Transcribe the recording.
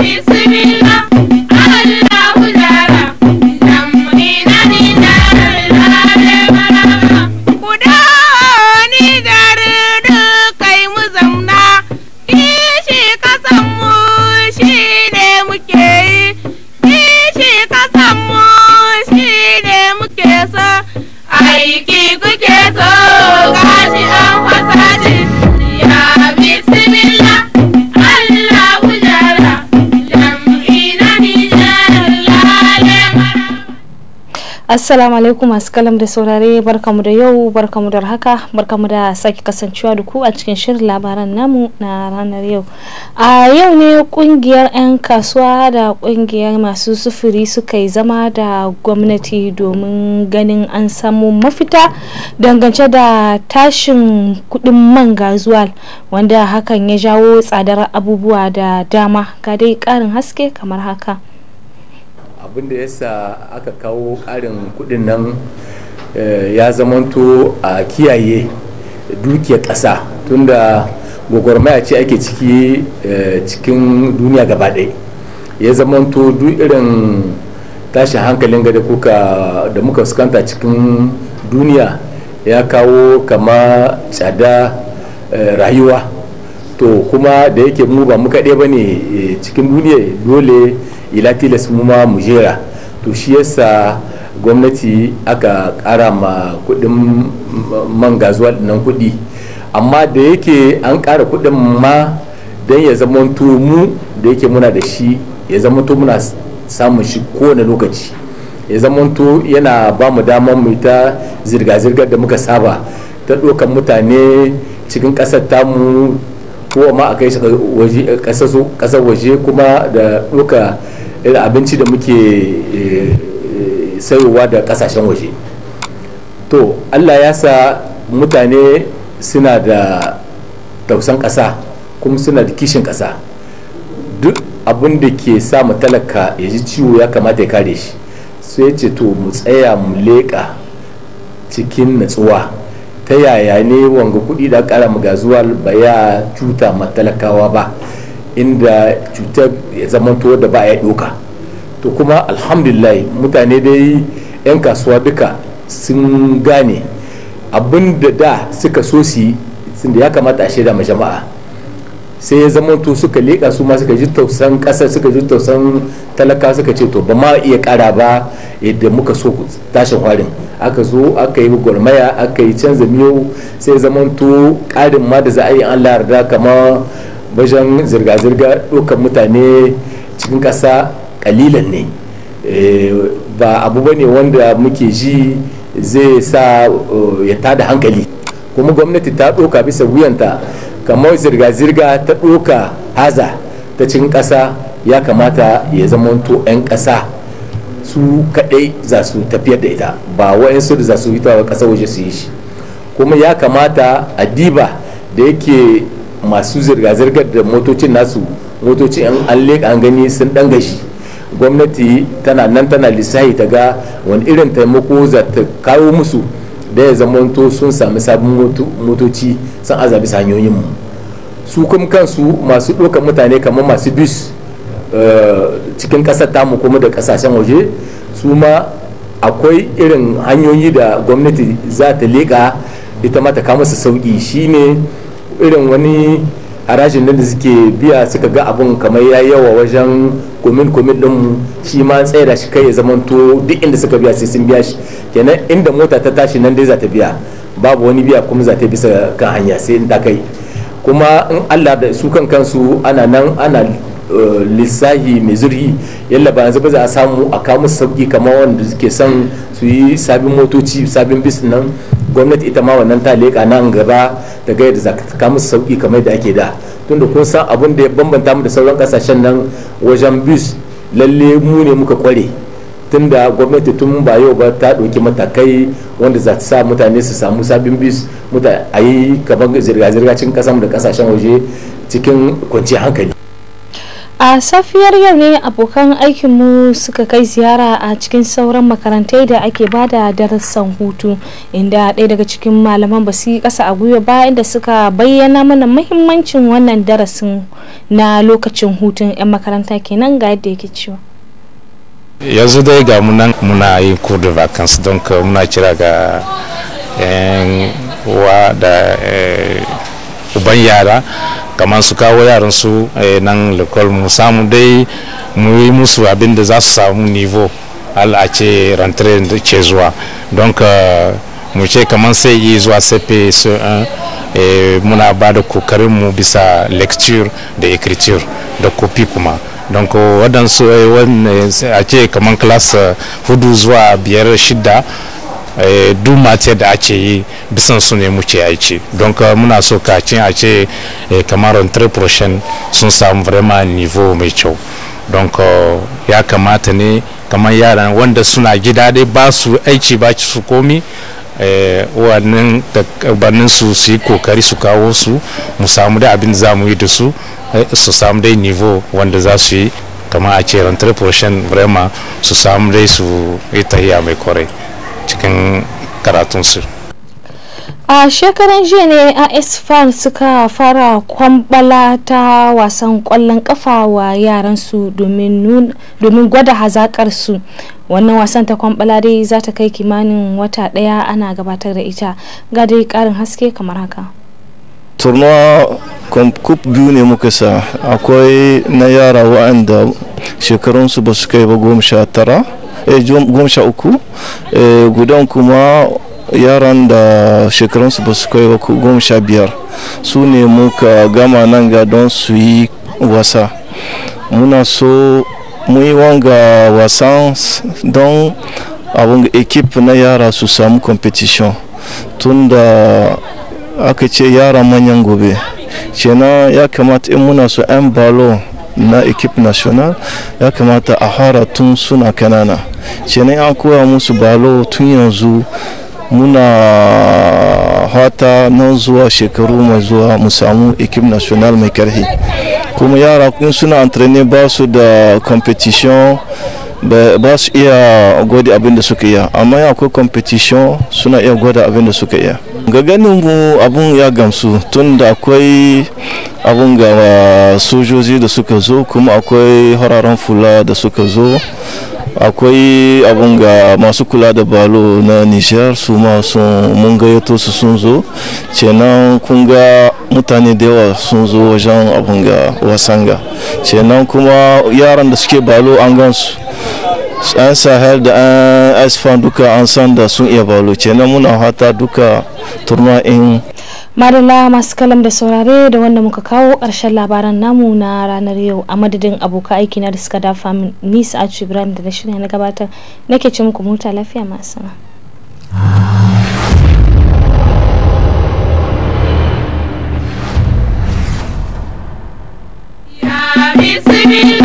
Bismillah. assalamu alaikum masu kalam da saurare barkamu da yau barkamu da haka barkamu da sake kasancewa da ku a cikin shirin labaran namu na ranar yau a yau ne kungiyar 'yan kasuwa da kungiyar masu sufuri suka yi zama da gwamnati domin ganin an samu mafita dangance da tashin kudin man gazuwa wanda hakan ya jawo tsadar abubuwa da dama ga dai karin haske kamar haka abin da yasa aka kawo ƙarin kudin nan eh, ya zamanto a kiyaye dukiyar ƙasa tunda gwagwarmaya ce ake ciki eh, cikin duniya gaba ɗaya ya zamanto duk irin tashin hankalin gada kuka da muka fuskanta cikin duniya ya kawo kama tsada eh, rayuwa to kuma da yake mu ba muka ɗaya ba ne cikin duniya dole ila tilas mu ma mu jera to shi yasa gwamnati aka kara ma kudin man gazuwa nan kudi amma da yake an kara kudin ma don ya zama mu da yake muna da shi ya zama to muna samun shi kowane lokaci ya zama to yana ba mu damar mu ta zirga zirga da muka saba ta ɗaukar mutane cikin ƙasar tamu kowa ma a kai shi kasar waje kuma da duka abinci da muke eh, sayowa da kasashen waje to allah ya sa mutane suna da tausan kasa kuma suna da kishin kasa duk abin da ke sa mu talaka ya ji ciwo ya kamata ya kare shi sai ce to mu tsaya mu leƙa cikin natsuwa ta yaya ne wanga kudi da ƙara zuwa ba ya cuta matalakawa ba inda cutar ya zamanto da ba ya doka to kuma alhamdulillah mutane dai 'yan kasuwa duka sun gane abin da da suka so su yi sun da ya kamata a shaida ma jama'a sai ya zama to suka leƙa su ma suka ji tausan ƙasa suka ji tausan talaka suka ce to ba ma iya ƙara ba yadda muka so tashin hwarin aka zo aka yi gwarmaya aka yi canza miyau sai zama to ƙarin ma da za a yi an larda kama wajen zirga-zirga ɗaukar mutane cikin ƙasa ƙalilan ne eh, ba abu ba ne wanda muke ji zai sa eh, ya tada hankali kuma gwamnati ta ɗauka bisa wuyanta kamar zirga-zirga ta ɗoka haza ta cin ƙasa ya kamata ya to 'yan ƙasa su kaɗai za su tafiyar da ita ba wa'insu da za su yi tawa ƙasa waje su yi shi kuma ya kamata a diba da yake masu zirga-zirgar da motocin nasu motocin an an an gani sun ɗan gashi gwamnati tana nan tana lissahi ta ga wani irin taimako za ta kawo musu da ya zamanto sun sami sabon motoci sun azabi mu. su kuma kansu masu ɗaukar mutane kamar masu bis eh, cikin ƙasar tamu kuma da ƙasashen waje su ma akwai irin hanyoyi da gwamnati za ta leƙa ita ma ta kama su sauƙi shine irin wani harajin da suke biya suka ga abin kamar ya yawa wajen komin komin din shi ma da shi kai ya zamanto duk inda suka biya sai sun biya shi kenan inda mota ta tashi nan dai za ta biya babu wani biya kuma za ta bisa kan hanya sai in ta kai kuma in allah da su kan kansu ana nan ana eh, lissahi mai zurhi yalla ba yanzu ba za a samu a kamu sauki kamar wanda suke son su yi sabin motoci sabin bis nan gwamnati ita ma wannan ta leƙa nan gaba daga yadda za ka kamu sauki kamar da ake da tunda kun san abin da ya bambanta mu da sauran kasashen nan wajen bis lalle mu ne muka kware tunda gwamnati tun ba yau ba ta ɗauki matakai wanda za ta sa mutane su samu sabin bis muta a yi kamar zirga-zirga cikin da ƙasashen waje cikin kwanciyar hankali a safiyar yau ne abokan aikinmu suka kai ziyara a cikin sauran makarantai da ake ba da darussan hutu inda ɗaya daga cikin malaman ba su yi ƙasa a gwiwa ba inda suka bayyana mana mahimmancin wannan darasin na lokacin hutun 'yan makaranta kenan ga yadda yake cewa yanzu dai ga munan muna yi kudu de don ka muna kira ga yan eh, uwa da eh, uban yara kamar su kawo yaran su eh, nan lokal mu samu dai mu yi musu abin da za su samu nivo a ce da ce zuwa don ka mu ce kamar sai yi zuwa sepe su muna ba da kokarin mu bisa lecture da écriture da kopi kuma donc euh, waɗansu eh, eh, a ce kamar class eh, hudu zuwa biyar shida duk matiyar da ake yi bisan su ne muke aiki don muna so kacin a ce kamar entrepreneur sun samu vraiment nivo mai kyau don ya kamata ne kamar yaran wanda suna gida dai ba su aiki ba su komi Eh, uwannin gabanin su su yi kokari su kawo su mu samu da abin zamuyi za mu yi da su eh, su samu dai nivo wanda za su yi kama a ce rantar portion vraiment su samu dai su yi tahiya mai kwarai cikin karatunsu. a shekaran jiya ne a fan suka fara kwambala ta wasan kwallon kafa wa yaransu domin gwada su wannan wasan ta kwambala dai za ta kai kimanin wata daya ana gabatar da ita ga dai karin haske kamar haka turnuwa kwamkup biyu ne muka sa akwai na yara wa'anda shekarunsu ba su kai ba goma sha eh, goma sha uku eh, gudan kuma yaran da shekarunsu ba su kai goma sha biyar su ne muka gama nan ga don su yi wasa muna so mu yi wanga wasan don abin ekip na yara su samu competition da aka ce yara manyan gobe kenan ya kamata in muna so 'yan balo na ekip national ya kamata a fara tun suna kanana kenan an koya musu balo tun yanzu muna hata nan zuwa shekaru mai zuwa mu samu ekip national mai karhi kuma yara kun suna antrenin ba su da competition ba su iya gwada abin da suka iya amma ya akwai competition suna iya gwada abin da suka iya ga ganin mu abun ya gamsu tun da akwai abun ga sojoji da suka zo kuma akwai hararen fula da suka zo akwai abun ga masu kula da balo na nijar su ma sun mun gayyato su sun zo kenan kun ga mutane da yawa sun zo wajen abun ga wasanga kenan kuma yaran da suke balo an gansu 'yan sahel da 'yan asfan duka an san da sun iya balo na muna hata duka turma in madalla masu kalam da saurare da wanda muka kawo ƙarshen labaran namu na ranar yau a madadin abokan aiki na da suka dafa min nisa a ibrahim da na shirya na gabatar nake ce muku muta lafiya masu Yeah,